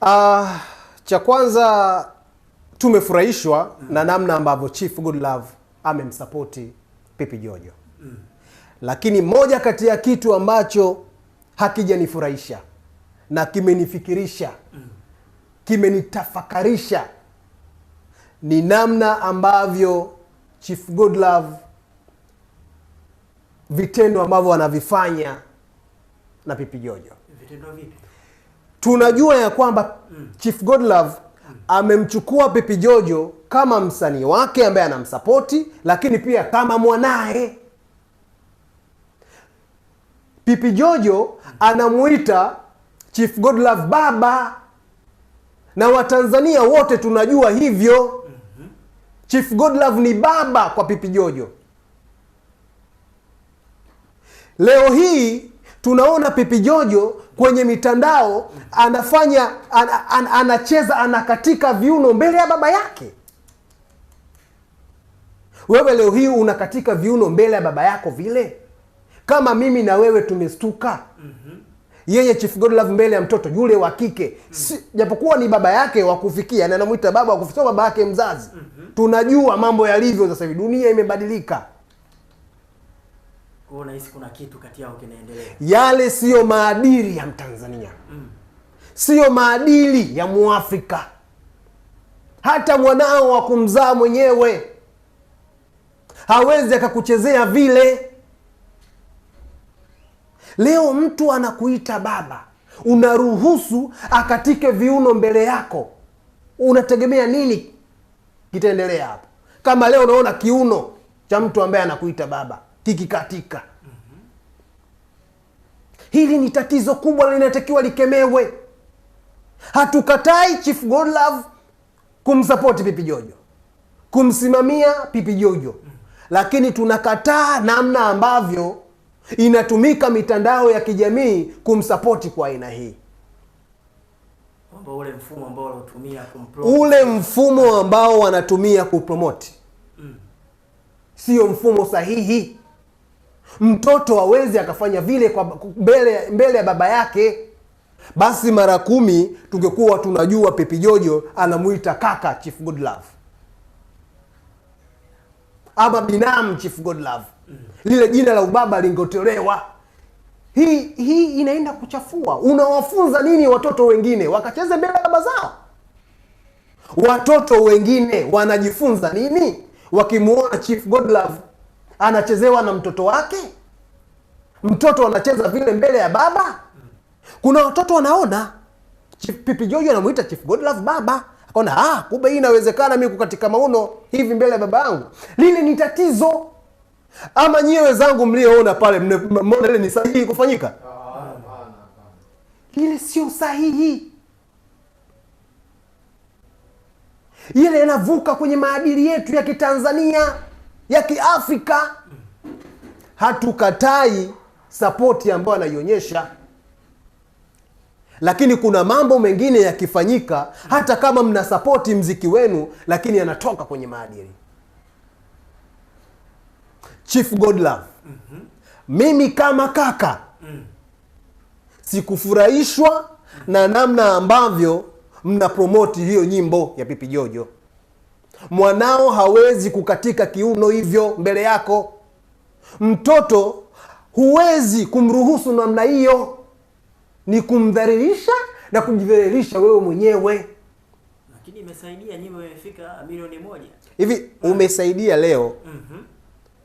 Uh, cha kwanza tumefurahishwa mm. na namna ambavyo Chief Godlove amemsapoti Pipi Jojo mm. lakini moja kati ya kitu ambacho hakijanifurahisha na kimenifikirisha mm. kimenitafakarisha ni namna ambavyo Chief Godlove vitendo ambavyo anavifanya na Pipi Jojo. Vitendo vipi? tunajua ya kwamba Chief Godlove amemchukua Pipi Jojo kama msanii wake ambaye anamsapoti, lakini pia kama mwanaye. Pipi Jojo anamwita Chief Godlove baba, na Watanzania wote tunajua hivyo. Chief Godlove ni baba kwa Pipi Jojo. Leo hii Tunaona Pepe Jojo kwenye mitandao anafanya an, an, anacheza anakatika viuno mbele ya baba yake. Wewe leo hii unakatika viuno mbele ya baba yako vile? Kama mimi na wewe tumestuka mm -hmm. Yeye Chief love mbele ya mtoto yule wa kike mm si, japokuwa ni baba yake wa kufikia na anamuita baba wa kufikia, baba yake mzazi mm -hmm. Tunajua mambo yalivyo sasa hivi, dunia imebadilika nahisi kuna kitu kati yao kinaendelea. Yale siyo maadili ya Mtanzania mm. siyo maadili ya Mwafrika, hata mwanao wa kumzaa mwenyewe hawezi akakuchezea vile. Leo mtu anakuita baba, unaruhusu akatike viuno mbele yako, unategemea nini kitaendelea hapo? Kama leo unaona kiuno cha mtu ambaye anakuita baba tikikatika. Hili ni tatizo kubwa linatakiwa likemewe. Hatukatai Chief Godlove kumsapoti Pipi Jojo, kumsimamia Pipi Jojo, lakini tunakataa namna ambavyo inatumika mitandao ya kijamii kumsapoti kwa aina hii. Ule mfumo ambao wanatumia kumpromote, ule mfumo ambao wanatumia mm, sio mfumo sahihi. Mtoto awezi akafanya vile kwa mbele, mbele ya baba yake. Basi mara kumi tungekuwa tunajua Pepi Jojo anamwita kaka Chief love ama binamu Chief love lile jina la ubaba lingotolewa. Hii hii inaenda kuchafua. Unawafunza nini watoto wengine wakacheze mbele ya baba zao? Watoto wengine wanajifunza nini wakimwona Chief love anachezewa na mtoto wake? Mtoto anacheza vile mbele ya baba? Kuna watoto wanaona pipijoji anamwita Jojo Chief Godlove baba, akaona ah, kumbe hii inawezekana mi kukatika mauno hivi mbele ya baba yangu. Lile ni tatizo. Ama nyie wenzangu mlioona pale, mona ile ni sahihi kufanyika? Ile sio sahihi, ile inavuka kwenye maadili yetu ya Kitanzania ya Kiafrika. Hatukatai sapoti ambayo anaionyesha, lakini kuna mambo mengine yakifanyika, hata kama mna sapoti mziki wenu, lakini yanatoka kwenye maadili. Chief Godlove, mm -hmm. Mimi kama kaka mm. sikufurahishwa mm. na namna ambavyo mnapromoti hiyo nyimbo ya Pipi Jojo. Mwanao hawezi kukatika kiuno hivyo mbele yako. Mtoto huwezi kumruhusu namna hiyo, ni kumdhalilisha na kujidhalilisha wewe mwenyewe. Lakini imesaidia milioni moja hivi, umesaidia leo. mm -hmm.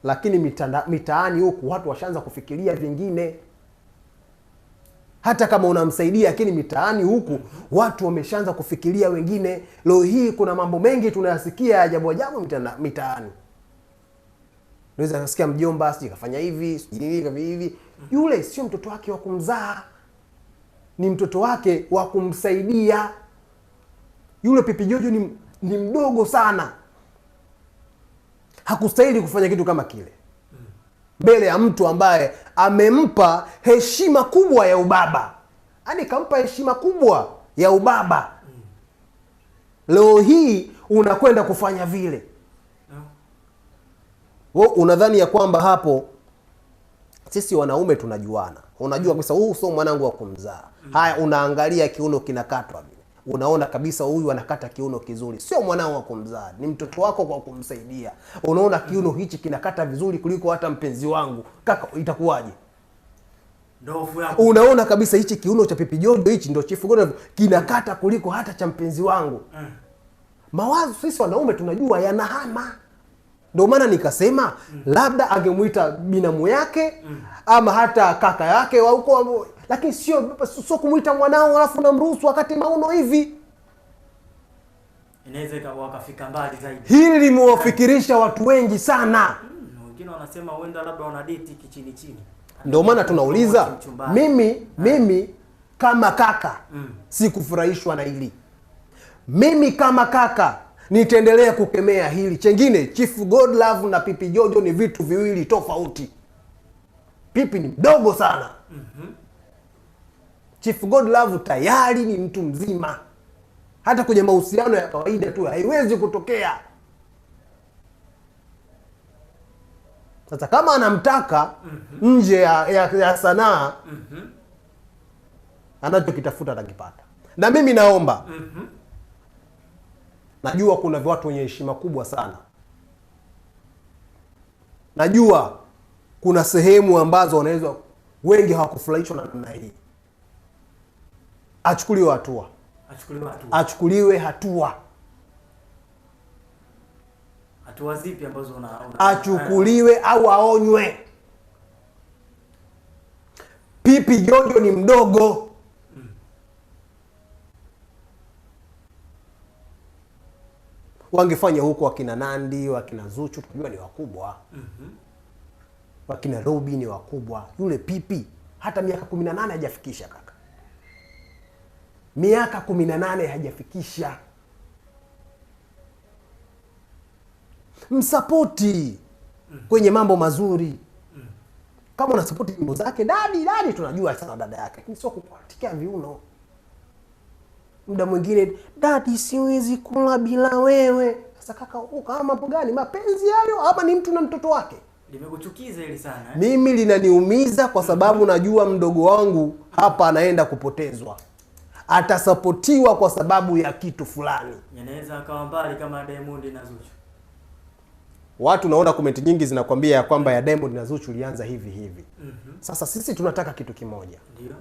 Lakini mitaani huku watu washaanza kufikiria vingine hata kama unamsaidia, lakini mitaani huku watu wameshaanza kufikiria wengine. Leo hii kuna mambo mengi tunayasikia ajabu ajabu mitaani. Naweza kasikia mjomba sijui kafanya hivi hivi hivi. Yule sio mtoto wake wa kumzaa, ni mtoto wake wa kumsaidia. Yule Pipi Jojo ni, ni mdogo sana, hakustahili kufanya kitu kama kile mbele ya mtu ambaye amempa heshima kubwa ya ubaba, yaani kampa heshima kubwa ya ubaba. Leo hii unakwenda kufanya vile, wewe unadhani ya kwamba hapo sisi wanaume tunajuana, unajua kabisa huu sio mwanangu wa kumzaa. Mm. Haya, unaangalia kiuno kinakatwa unaona kabisa huyu anakata kiuno kizuri, sio mwanao wa kumzaa, ni mtoto wako kwa kumsaidia. Unaona kiuno hichi kinakata vizuri kuliko hata mpenzi wangu, kaka, itakuwaje? Unaona kabisa hichi kiuno cha Pipijojo hichi ndo Chifu Godlove kinakata kuliko hata cha mpenzi wangu. Eh. Mawazo sisi wanaume tunajua yanahama ndio maana nikasema mm. labda angemwita binamu yake mm. ama hata kaka yake wa huko lakini sio sio kumwita mwanao alafu unamruhusu wakati maono hivi. Inaweza wakafika mbali zaidi. Hili limewafikirisha watu wengi sana. Hmm, wengine wanasema huenda labda kichini chini. Ndio maana tunauliza mimi, eh. mimi kama kaka mm, sikufurahishwa na hili. Mimi kama kaka nitaendelea kukemea hili. Chengine Chief Godlove na Pipi Jojo ni vitu viwili tofauti. Pipi ni mdogo sana mm -hmm. Chief Godlove tayari ni mtu mzima, hata kwenye mahusiano ya kawaida tu haiwezi kutokea. Sasa kama anamtaka mhm. nje ya, ya, ya sanaa mhm. anachokitafuta atakipata. Na mimi naomba, mhm. najua kuna watu wenye heshima kubwa sana, najua kuna sehemu ambazo wanaweza wengi hawakufurahishwa na namna hii achukuliwe hatua, achukuliwe hatua, achukuliwe hatua. zipi ambazo una, una... achukuliwe au aonywe. Pipi Jojo ni mdogo Wangefanya huko wakina Nandi wakina Zuchu tunajua ni wakubwa mm -hmm. Wakina Robi ni wakubwa, yule Pipi hata miaka kumi na nane hajafikisha kaka miaka kumi na nane hajafikisha. Msapoti kwenye mambo mazuri, kama unasapoti nyimbo zake dadi dadi, tunajua sana dada yake, lakini sio kukuatikia viuno. Muda mwingine dadi, siwezi kula bila wewe. Sasa kaka, oh, kama mambo gani? Mapenzi hayo ama ni mtu na mtoto wake? Limekuchukiza hili sana eh? Mimi linaniumiza kwa sababu mm-hmm. najua mdogo wangu hapa anaenda kupotezwa atasapotiwa kwa sababu ya kitu fulani. Yanaweza akawa mbali kama Diamond na Zuchu. Watu naona komenti nyingi zinakwambia ya kwamba ya Diamond na Zuchu ilianza hivi hivi. mm -hmm. Sasa sisi tunataka kitu kimoja, ndio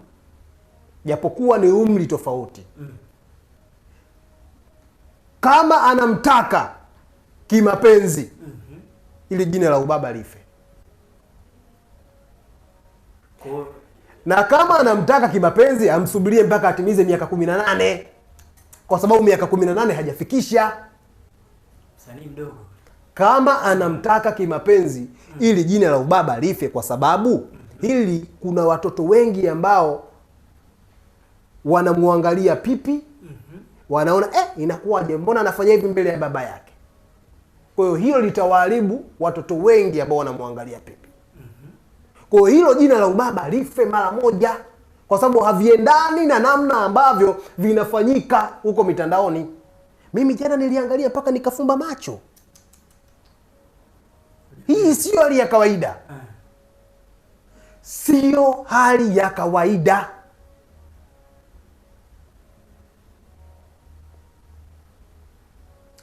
japokuwa ni umri tofauti. mm -hmm. Kama anamtaka kimapenzi, mm -hmm. ili jina la ubaba life kwa na kama anamtaka kimapenzi amsubirie mpaka atimize miaka kumi na nane kwa sababu miaka kumi na nane hajafikisha. Msanii mdogo kama anamtaka kimapenzi hmm. ili jina la ubaba life, kwa sababu hili kuna watoto wengi ambao wanamwangalia pipi, mhm. wanaona eh, inakuwaje, mbona anafanya hivi mbele ya baba yake? Kwa hiyo hilo litawaharibu watoto wengi ambao wanamwangalia pipi. Kwa hilo jina la ubaba life mara moja, kwa sababu haviendani na namna ambavyo vinafanyika huko mitandaoni. Mimi jana niliangalia mpaka nikafumba macho. Hii sio hali ya kawaida, siyo hali ya kawaida.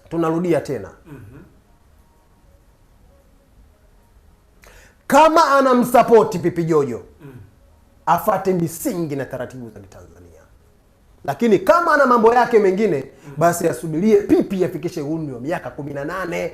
Tunarudia tena. Mm. kama anamsapoti Pipi Jojo afate misingi na taratibu za Kitanzania, lakini kama ana mambo yake mengine basi asubirie Pipi afikishe umri wa miaka kumi na nane.